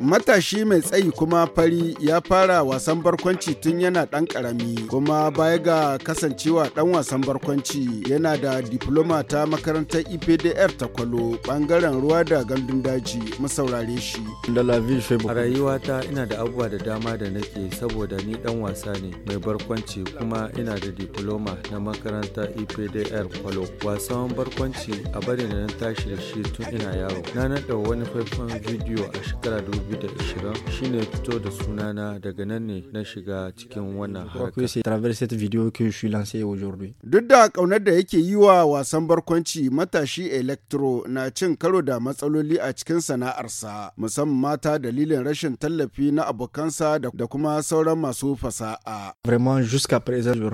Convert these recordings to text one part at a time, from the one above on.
Matashi mai tsayi kuma fari ya fara wasan barkwanci tun yana ɗan ƙarami kuma baya ga kasancewa ɗan wasan barkwanci yana da diploma ta makarantar IPDR e ta kwalo ɓangaren ruwa da gandun daji masaurare shi. A rayuwata ina da abubuwa da dama da nake saboda ni ɗan wasa ne mai barkwanci kuma ina da diploma na makarantar IPDR e kwalo. Wasan barkwanci a bari na tashi da shi tun ina yaro. Na naɗa wani faifan bidiyo a shekara 2020 shine fito da sunana daga nan ne na shiga cikin wannan harka. Duk da kaunar da yake yi wa wasan barkwanci matashi Electro na cin karo da matsaloli a cikin sana'arsa musamman mata dalilin rashin tallafi na abokansa da kuma sauran masu fasa'a.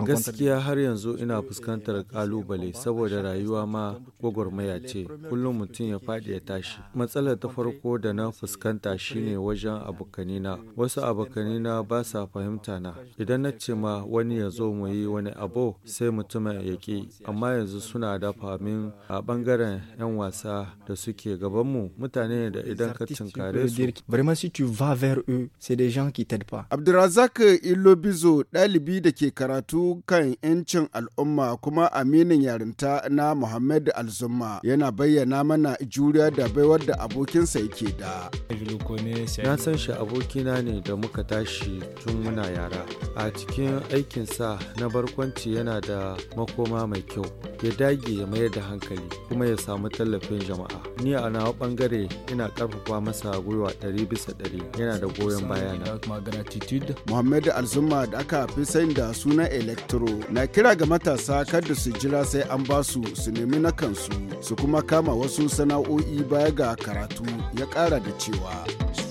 Gaskiya har yanzu ina fuskantar kalubale saboda rayuwa ma gwagwarmaya ce kullum mutum ya faɗi ya tashi. Matsalar ta farko da na fuskanta shi ne wajen abokanina wasu abokanina ba sa fahimta na idan na ce ma wani ya zo mu yi wani abu sai mutumin ya ki amma yanzu suna dafa min a bangaren 'yan wasa da suke gabanmu mutane da idan ka tunkare su si tu vers c'est des gens qui t'aident pas Abdulrazak Ilobizo dalibi da ke karatu kan 'yancin al'umma kuma aminin yarinta na Muhammad Alzumma yana bayyana mana juriya da baiwar da abokinsa yake da. Na san shi abokina ne da muka tashi tun muna yara. A cikin aikinsa na barkwanci yana da makoma mai kyau. Ya dage ya mayar da hankali kuma ya samu tallafin jama'a. Ni a nawa bangare ina karfafa masa gwiwa ɗari bisa ɗari yana da goyon bayana. Muhammadu Alzumma da aka fi sayin da suna Electro na kira ga matasa kada su jira sai an ba su su nemi na kansu su kuma kama wasu sana'o'i baya ga karatu ya ƙara da cewa.